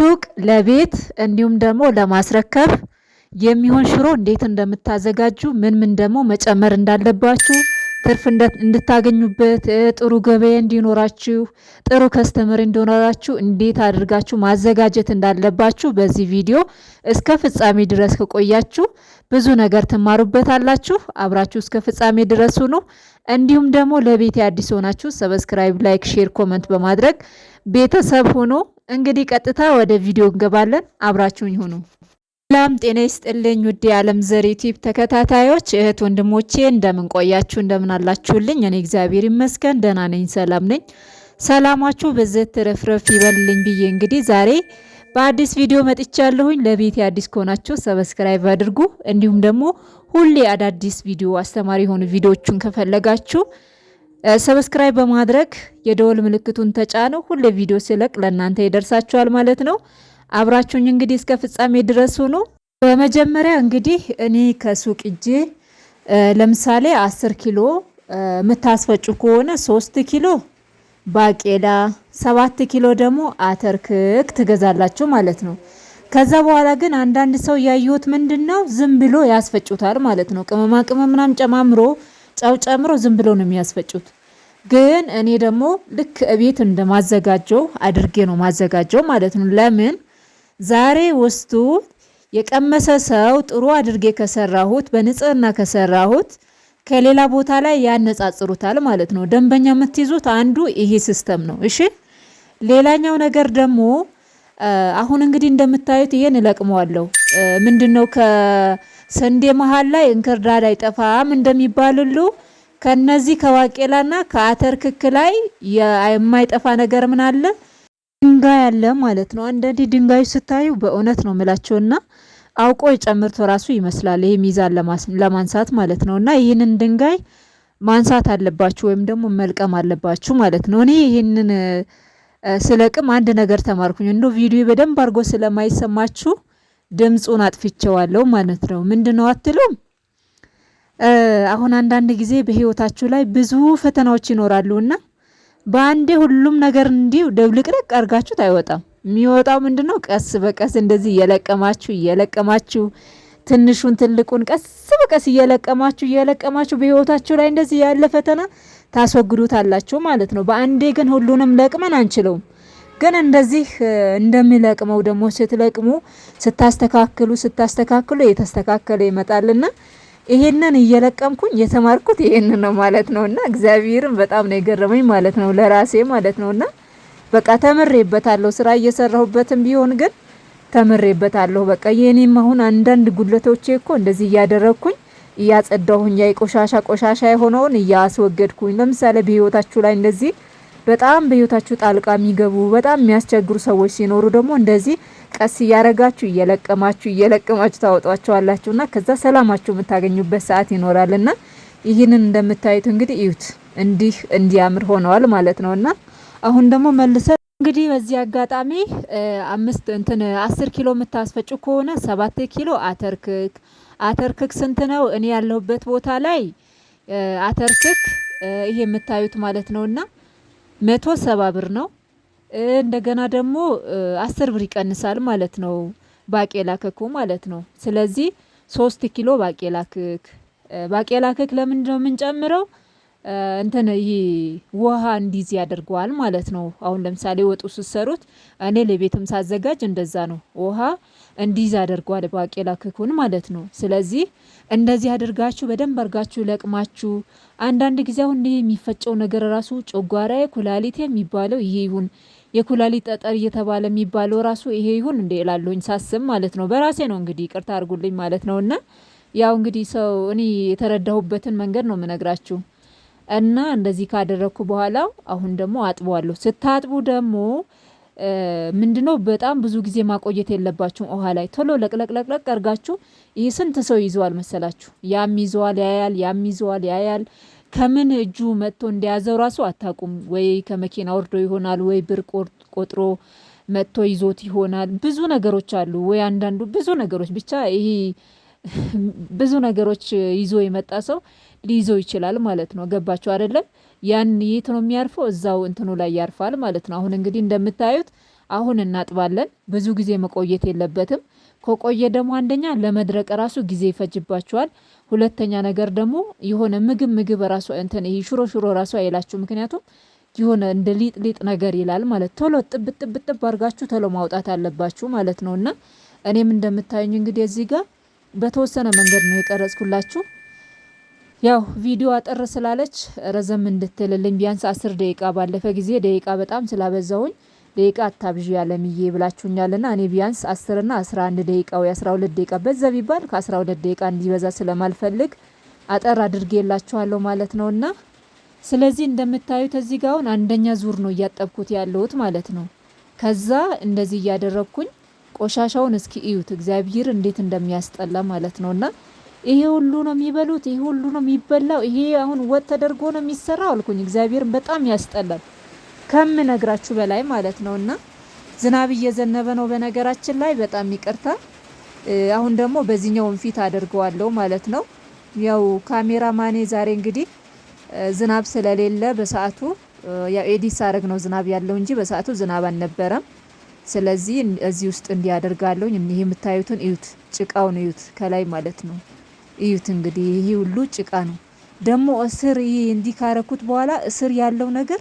ሱቅ ለቤት እንዲሁም ደግሞ ለማስረከብ የሚሆን ሽሮ እንዴት እንደምታዘጋጁ ምን ምን ደግሞ መጨመር እንዳለባችሁ ትርፍ እንድታገኙበት ጥሩ ገበያ እንዲኖራችሁ ጥሩ ከስተመር እንዲኖራችሁ እንዴት አድርጋችሁ ማዘጋጀት እንዳለባችሁ በዚህ ቪዲዮ እስከ ፍጻሜ ድረስ ከቆያችሁ ብዙ ነገር ትማሩበታላችሁ። አብራችሁ እስከ ፍጻሜ ድረስ ሁኑ። እንዲሁም ደግሞ ለቤት አዲስ ሆናችሁ ሰብስክራይብ፣ ላይክ፣ ሼር፣ ኮመንት በማድረግ ቤተሰብ ሁኑ። እንግዲህ ቀጥታ ወደ ቪዲዮ እንገባለን። አብራችሁን ይሁኑ። ሰላም ጤና ይስጥልኝ ውድ የዓለም ዘር ዩቲዩብ ተከታታዮች እህት ወንድሞቼ፣ እንደምን ቆያችሁ? እንደምን አላችሁልኝ? እኔ እግዚአብሔር ይመስገን ደህና ነኝ፣ ሰላም ነኝ። ሰላማችሁ በዘት ትረፍረፍ ይበልልኝ ብዬ እንግዲህ ዛሬ በአዲስ ቪዲዮ መጥቻለሁኝ። ለቤት አዲስ ከሆናችሁ ሰብስክራይብ አድርጉ። እንዲሁም ደግሞ ሁሌ አዳዲስ ቪዲዮ አስተማሪ የሆኑ ቪዲዮዎቹን ከፈለጋችሁ ሰብስክራይብ በማድረግ የደወል ምልክቱን ተጫኑ። ሁሌ ቪዲዮ ሲለቅ ለእናንተ ይደርሳችኋል ማለት ነው። አብራችሁኝ እንግዲህ እስከ ፍጻሜ ድረስ ሁኑ። በመጀመሪያ እንግዲህ እኔ ከሱቅ እጄ ለምሳሌ አስር ኪሎ የምታስፈጩ ከሆነ ሶስት ኪሎ ባቄላ፣ ሰባት ኪሎ ደግሞ አተርክክ ትገዛላችሁ ማለት ነው። ከዛ በኋላ ግን አንዳንድ ሰው ያየሁት ምንድን ነው ዝም ብሎ ያስፈጩታል ማለት ነው። ቅመማ ቅመም ምናምን ጨማምሮ ጨው ጨምሮ ዝም ብሎ ነው የሚያስፈጩት። ግን እኔ ደግሞ ልክ እቤት እንደማዘጋጀው አድርጌ ነው ማዘጋጀው ማለት ነው። ለምን ዛሬ ውስጡ የቀመሰ ሰው ጥሩ አድርጌ ከሰራሁት በንጽህና ከሰራሁት ከሌላ ቦታ ላይ ያነጻጽሩታል ማለት ነው። ደንበኛ የምትይዙት አንዱ ይሄ ሲስተም ነው። እሺ ሌላኛው ነገር ደግሞ አሁን እንግዲህ እንደምታዩት ይሄን እለቅመዋለሁ። ምንድነው ከስንዴ መሃል ላይ እንክርዳድ አይጠፋም እንደሚባልሉ ከነዚህ ከዋቄላና ከአተር ክክ ላይ የማይጠፋ ነገር ምን አለ? ድንጋይ አለ ማለት ነው። አንዳንዴ ድንጋዩ ስታዩ በእውነት ነው ምላችሁና አውቆ ጨምርቶ ራሱ ይመስላል። ይሄ ሚዛን ለማንሳት ማለት ነው። እና ይህንን ድንጋይ ማንሳት አለባችሁ ወይም ደግሞ መልቀም አለባችሁ ማለት ነው። እኔ ይህንን ስለቅም አንድ ነገር ተማርኩኝ። እንዶ ቪዲዮ በደንብ አድርጎ ስለማይሰማችሁ ድምፁን አጥፍቼዋለሁ ማለት ነው። ምንድነው አትሉም? አሁን አንዳንድ ጊዜ በህይወታችሁ ላይ ብዙ ፈተናዎች ይኖራሉ እና በአንዴ ሁሉም ነገር እንዲሁ ደብልቅልቅ አድርጋችሁት አይወጣም። የሚወጣው ምንድን ነው? ቀስ በቀስ እንደዚህ እየለቀማችሁ እየለቀማችሁ ትንሹን ትልቁን ቀስ በቀስ እየለቀማችሁ እየለቀማችሁ በህይወታችሁ ላይ እንደዚህ ያለ ፈተና ታስወግዱታላችሁ ማለት ነው። በአንዴ ግን ሁሉንም ለቅመን አንችለውም። ግን እንደዚህ እንደሚለቅመው ደግሞ ስትለቅሙ፣ ስታስተካክሉ ስታስተካክሉ እየተስተካከለ ይመጣልና ይሄንን እየለቀምኩኝ የተማርኩት ይሄንን ነው ማለት ነውና እግዚአብሔርን በጣም ነው የገረመኝ ማለት ነው ለራሴ ማለት ነውና በቃ ተምሬበታለሁ። ስራ እየሰራሁበትም ቢሆን ግን ተምሬበታለሁ። በቃ የኔም አሁን አንዳንድ ጉድለቶቼ እኮ እንደዚህ እያደረግኩኝ እያጸዳሁኝ፣ ያ ቆሻሻ ቆሻሻ የሆነውን እያስወገድኩኝ ለምሳሌ በህይወታችሁ ላይ እንደዚህ በጣም በህይወታችሁ ጣልቃ የሚገቡ በጣም የሚያስቸግሩ ሰዎች ሲኖሩ ደግሞ እንደዚህ ቀስ እያረጋችሁ እየለቀማችሁ እየለቀማችሁ እና ከዛ ሰላማችሁ የምታገኙበት ሰዓት ይኖራልና ይህንን እንደምታዩት እንግዲህ እዩት። እንዲህ እንዲያምር ሆነዋል ማለት እና አሁን ደግሞ መልሰ እንግዲህ በዚህ አጋጣሚ አምስት እንትን አስር ኪሎ የምታስፈጩ ከሆነ ሰባት ኪሎ አተርክክ አተርክክ ስንት ነው? እኔ ያለሁበት ቦታ ላይ አተርክክ ይሄ የምታዩት ማለት ነውና መቶ ሰባ ብር ነው። እንደገና ደግሞ አስር ብር ይቀንሳል ማለት ነው ባቄላ ክኩ ማለት ነው። ስለዚህ ሶስት ኪሎ ባቄላ ክክ ባቄላ ክክ ለምንድነው የምንጨምረው? እንትን ይሄ ውሃ እንዲዝ ያደርገዋል ማለት ነው። አሁን ለምሳሌ ወጡ ስሰሩት እኔ ለቤትም ሳዘጋጅ እንደዛ ነው። ውሃ እንዲዝ ያደርገዋል ባቄላ ክኩን ማለት ነው። ስለዚህ እንደዚህ አድርጋችሁ በደንብ አርጋችሁ ለቅማችሁ አንዳንድ ጊዜ አሁን ይሄ የሚፈጨው ነገር ራሱ ጮጓራ ኩላሊት የሚባለው ይሄ ይሁን የኩላሊት ጠጠር እየተባለ የሚባለው ራሱ ይሄ ይሁን እንደ ላለኝ ሳስብ ማለት ነው። በራሴ ነው እንግዲህ ይቅርታ አድርጉልኝ ማለት ነውና ያው እንግዲህ ሰው እኔ የተረዳሁበትን መንገድ ነው የምነግራችሁ። እና እንደዚህ ካደረግኩ በኋላ አሁን ደግሞ አጥበዋለሁ። ስታጥቡ ደግሞ ምንድነው በጣም ብዙ ጊዜ ማቆየት የለባችሁም። ውሃ ላይ ቶሎ ለቅለቅለቅለቅ ቀርጋችሁ ይህ ስንት ሰው ይዘዋል መሰላችሁ? ያም ይዘዋል ያያል፣ ያም ይዘዋል ያያል። ከምን እጁ መጥቶ እንደያዘው ራሱ አታቁም። ወይ ከመኪና ወርዶ ይሆናል፣ ወይ ብር ቆጥሮ መጥቶ ይዞት ይሆናል። ብዙ ነገሮች አሉ። ወይ አንዳንዱ ብዙ ነገሮች ብቻ ይሄ ብዙ ነገሮች ይዞ የመጣ ሰው ሊይዘው ይችላል ማለት ነው። ገባችሁ አይደለም? ያን የት ነው የሚያርፈው? እዛው እንትኑ ላይ ያርፋል ማለት ነው። አሁን እንግዲህ እንደምታዩት አሁን እናጥባለን። ብዙ ጊዜ መቆየት የለበትም። ከቆየ ደግሞ አንደኛ ለመድረቅ ራሱ ጊዜ ይፈጅባችኋል። ሁለተኛ ነገር ደግሞ የሆነ ምግብ ምግብ ራሱ እንትን ይሄ ሽሮ ሽሮ ራሱ አይላችሁ። ምክንያቱም የሆነ እንደ ሊጥ ሊጥ ነገር ይላል ማለት ቶሎ ጥብጥብጥብ አድርጋችሁ ቶሎ ማውጣት አለባችሁ ማለት ነው። እና እኔም እንደምታዩኝ እንግዲህ እዚህ ጋር በተወሰነ መንገድ ነው የቀረጽኩላችሁ። ያው ቪዲዮ አጠር ስላለች ረዘም እንድትልልኝ ቢያንስ አስር ደቂቃ ባለፈ ጊዜ ደቂቃ በጣም ስላበዛውኝ ደቂቃ አታብዥ ያለምዬ ብላችሁኛልና እኔ ቢያንስ አስርና አስራ አንድ ደቂቃ ወይ አስራ ሁለት ደቂቃ በዛ ቢባል ከአስራ ሁለት ደቂቃ እንዲበዛ ስለማልፈልግ አጠር አድርጌላችኋለሁ ማለት ነውና ስለዚህ እንደምታዩት እዚህ አሁን አንደኛ ዙር ነው እያጠብኩት ያለሁት ማለት ነው። ከዛ እንደዚህ እያደረግኩኝ ቆሻሻውን እስኪ እዩት። እግዚአብሔር እንዴት እንደሚያስጠላ ማለት ነው። እና ይሄ ሁሉ ነው የሚበሉት፣ ይሄ ሁሉ ነው የሚበላው፣ ይሄ አሁን ወጥ ተደርጎ ነው የሚሰራው አልኩኝ። እግዚአብሔርን በጣም ያስጠላል ከምነግራችሁ በላይ ማለት ነው። እና ዝናብ እየዘነበ ነው በነገራችን ላይ በጣም ይቅርታ። አሁን ደግሞ በዚህኛውን ፊት አድርገዋለሁ ማለት ነው። ያው ካሜራ ማኔ ዛሬ እንግዲህ ዝናብ ስለሌለ በሰዓቱ ያው ኤዲስ አረግ ነው ዝናብ ያለው እንጂ በሰዓቱ ዝናብ አልነበረም። ስለዚህ እዚህ ውስጥ እንዲያደርጋለሁኝ ይህ የምታዩትን እዩት፣ ጭቃውን እዩት፣ ከላይ ማለት ነው። እዩት እንግዲህ ይህ ሁሉ ጭቃ ነው። ደግሞ እስር ይህ እንዲህ ካረኩት በኋላ እስር ያለው ነገር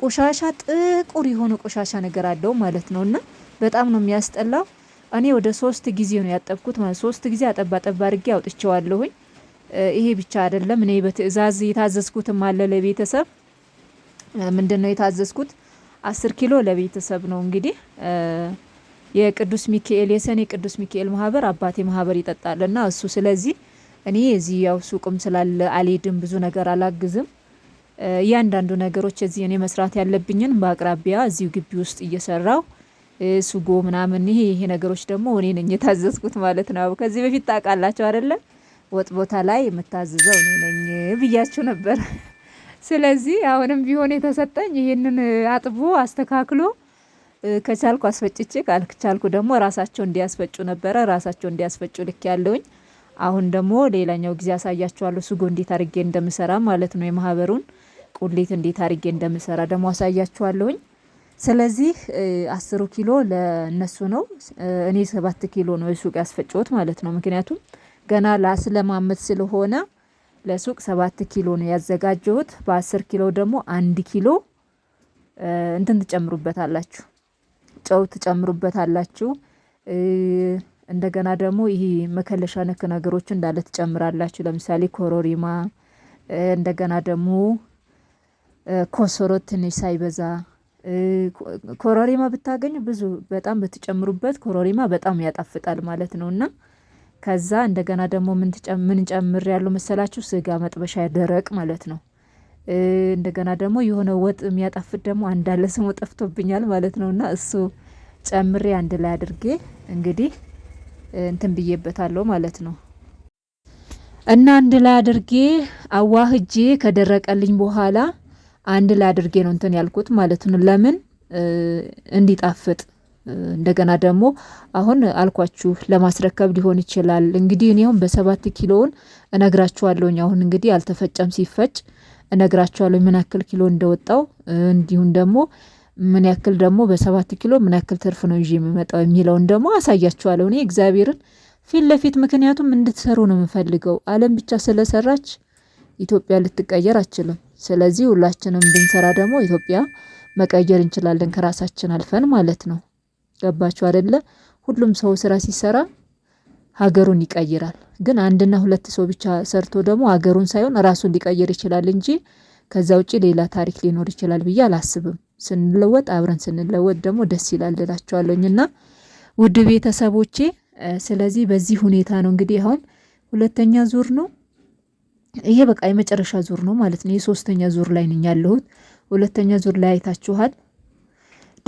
ቆሻሻ ጥቁር የሆነ ቆሻሻ ነገር አለው ማለት ነው። እና በጣም ነው የሚያስጠላው። እኔ ወደ ሶስት ጊዜ ነው ያጠብኩት ማለት ሶስት ጊዜ አጠባ ጠባ አድርጌ አውጥቼዋለሁኝ። ይሄ ብቻ አይደለም። እኔ በትእዛዝ የታዘዝኩትም አለ ለቤተሰብ ምንድን ነው የታዘዝኩት አስር ኪሎ ለቤተሰብ ነው እንግዲህ የቅዱስ ሚካኤል የሰኔ ቅዱስ ሚካኤል ማህበር አባቴ ማህበር ና እሱ ስለዚህ እኔ እዚህ ያው ሱቅም ስላለ አልሄድም፣ ብዙ ነገር አላግዝም። እያንዳንዱ ነገሮች እዚህ እኔ መስራት ያለብኝን በአቅራቢያ እዚሁ ግቢ ውስጥ እየሰራው ሱጎ ምናምን ይሄ ይሄ ነገሮች ደግሞ እኔ ነኝ የታዘዝኩት ማለት ነው። ከዚህ በፊት ታውቃላችሁ አይደለም? ወጥ ቦታ ላይ የምታዝዘው እኔ ነኝ ብያችሁ ነበር። ስለዚህ አሁንም ቢሆን የተሰጠኝ ይህንን አጥቦ አስተካክሎ ከቻልኩ አስፈጭቼ ካልቻልኩ ደግሞ ራሳቸው እንዲያስፈጩ ነበረ። ራሳቸው እንዲያስፈጩ ልክ ያለውኝ። አሁን ደግሞ ሌላኛው ጊዜ አሳያችኋለሁ ስጎ እንዴት አድርጌ እንደምሰራ ማለት ነው። የማህበሩን ቁሌት እንዴት አድርጌ እንደምሰራ ደግሞ አሳያችኋለሁኝ። ስለዚህ አስሩ ኪሎ ለእነሱ ነው። እኔ ሰባት ኪሎ ነው የሱቅ ያስፈጭሁት ማለት ነው። ምክንያቱም ገና ለአስለማመት ስለሆነ ለሱቅ ሰባት ኪሎ ነው ያዘጋጀሁት። በአስር ኪሎ ደግሞ አንድ ኪሎ እንትን ትጨምሩበታላችሁ፣ ጨው ትጨምሩበታላችሁ። እንደገና ደግሞ ይሄ መከለሻ ነክ ነገሮች እንዳለ ትጨምራላችሁ። ለምሳሌ ኮሮሪማ፣ እንደገና ደግሞ ኮሶሮ ትንሽ ሳይበዛ ኮሮሪማ ብታገኙ ብዙ በጣም ብትጨምሩበት ኮሮሪማ በጣም ያጣፍጣል ማለት ነው እና ከዛ እንደገና ደግሞ ምን ጨምር ያለው መሰላችሁ? ስጋ መጥበሻ ደረቅ ማለት ነው። እንደገና ደግሞ የሆነ ወጥ የሚያጣፍጥ ደግሞ አንዳለ ስሙ ጠፍቶብኛል ማለት ነው። እና እሱ ጨምሬ አንድ ላይ አድርጌ እንግዲህ እንትን ብዬበታለሁ ማለት ነው። እና አንድ ላይ አድርጌ አዋህጄ ከደረቀልኝ በኋላ አንድ ላይ አድርጌ ነው እንትን ያልኩት ማለት ነው። ለምን እንዲጣፍጥ እንደገና ደግሞ አሁን አልኳችሁ ለማስረከብ ሊሆን ይችላል። እንግዲህ እኔውም በሰባት ኪሎውን እነግራችኋለሁኝ። አሁን እንግዲህ አልተፈጨም፣ ሲፈጭ እነግራችኋለሁ ምን ያክል ኪሎ እንደወጣው እንዲሁም ደግሞ ምን ያክል ደግሞ በሰባት ኪሎ ምን ያክል ትርፍ ነው ይዤ የሚመጣው የሚለውን ደግሞ አሳያችኋለሁ። እኔ እግዚአብሔርን ፊት ለፊት ምክንያቱም እንድትሰሩ ነው የምፈልገው። ዓለም ብቻ ስለሰራች ኢትዮጵያ ልትቀየር አችልም። ስለዚህ ሁላችንም ብንሰራ ደግሞ ኢትዮጵያ መቀየር እንችላለን፣ ከራሳችን አልፈን ማለት ነው። ገባችሁ አይደለ? ሁሉም ሰው ስራ ሲሰራ ሀገሩን ይቀይራል። ግን አንድና ሁለት ሰው ብቻ ሰርቶ ደግሞ ሀገሩን ሳይሆን ራሱን ሊቀይር ይችላል እንጂ ከዛ ውጪ ሌላ ታሪክ ሊኖር ይችላል ብዬ አላስብም። ስንለወጥ አብረን ስንለወጥ ደግሞ ደስ ይላል እላችኋለሁኝ። እና ውድ ቤተሰቦቼ ስለዚህ በዚህ ሁኔታ ነው እንግዲህ አሁን ሁለተኛ ዙር ነው ይሄ በቃ የመጨረሻ ዙር ነው ማለት ነው። የሶስተኛ ዙር ላይ ነኝ ያለሁት። ሁለተኛ ዙር ላይ አይታችኋል።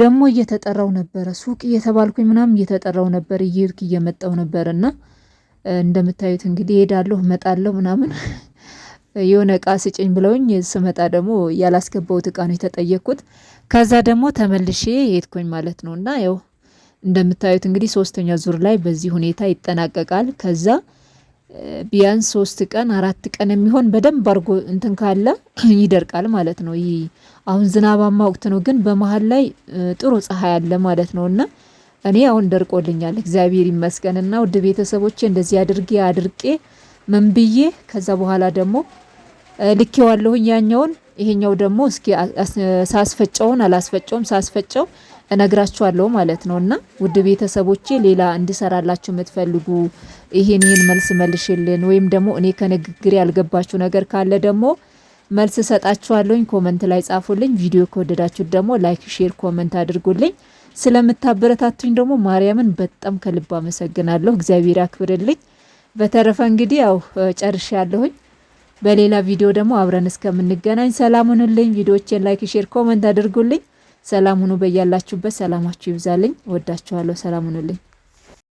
ደግሞ እየተጠራው ነበረ ሱቅ እየተባልኩኝ ምናምን እየተጠራው ነበር እየሄድኩ እየመጣው ነበር እና እንደምታዩት እንግዲህ ሄዳለሁ እመጣለሁ ምናምን የሆነ እቃ ስጭኝ ብለውኝ ስመጣ ደግሞ ያላስገባውት እቃ ነው የተጠየቅኩት። ከዛ ደግሞ ተመልሼ ሄድኩኝ ማለት ነው እና ያው እንደምታዩት እንግዲህ ሶስተኛ ዙር ላይ በዚህ ሁኔታ ይጠናቀቃል ከዛ ቢያንስ ሶስት ቀን አራት ቀን የሚሆን በደንብ አድርጎ እንትን ካለ ይደርቃል ማለት ነው። ይህ አሁን ዝናባማ ወቅት ነው፣ ግን በመሀል ላይ ጥሩ ፀሐይ አለ ማለት ነው እና እኔ አሁን ደርቆልኛል እግዚአብሔር ይመስገን። እና ውድ ቤተሰቦች እንደዚህ አድርጌ አድርቄ ምን ብዬ ከዛ በኋላ ደግሞ ልኬዋለሁኝ ያኛውን ይሄኛው ደግሞ እስኪ ሳስፈጨውን አላስፈጨውም ሳስፈጨው እነግራችኋለሁ ማለት ነው። እና ውድ ቤተሰቦቼ ሌላ እንድሰራላችሁ የምትፈልጉ ይሄን ይህን መልስ መልሽልን፣ ወይም ደግሞ እኔ ከንግግር ያልገባችሁ ነገር ካለ ደግሞ መልስ ሰጣችኋለሁኝ። ኮመንት ላይ ጻፉልኝ። ቪዲዮ ከወደዳችሁት ደግሞ ላይክ፣ ሼር፣ ኮመንት አድርጉልኝ። ስለምታበረታቱኝ ደግሞ ማርያምን በጣም ከልብ አመሰግናለሁ። እግዚአብሔር ያክብርልኝ። በተረፈ እንግዲህ ያው ጨርሻ ያለሁኝ በሌላ ቪዲዮ ደግሞ አብረን እስከምንገናኝ ሰላም ሁኑልኝ። ቪዲዮዎቼን ላይክ፣ ሼር፣ ኮመንት አድርጉልኝ። ሰላም ሁኑ በያላችሁበት። ሰላማችሁ ይብዛልኝ። ወዳችኋለሁ። ሰላም ሁኑልኝ።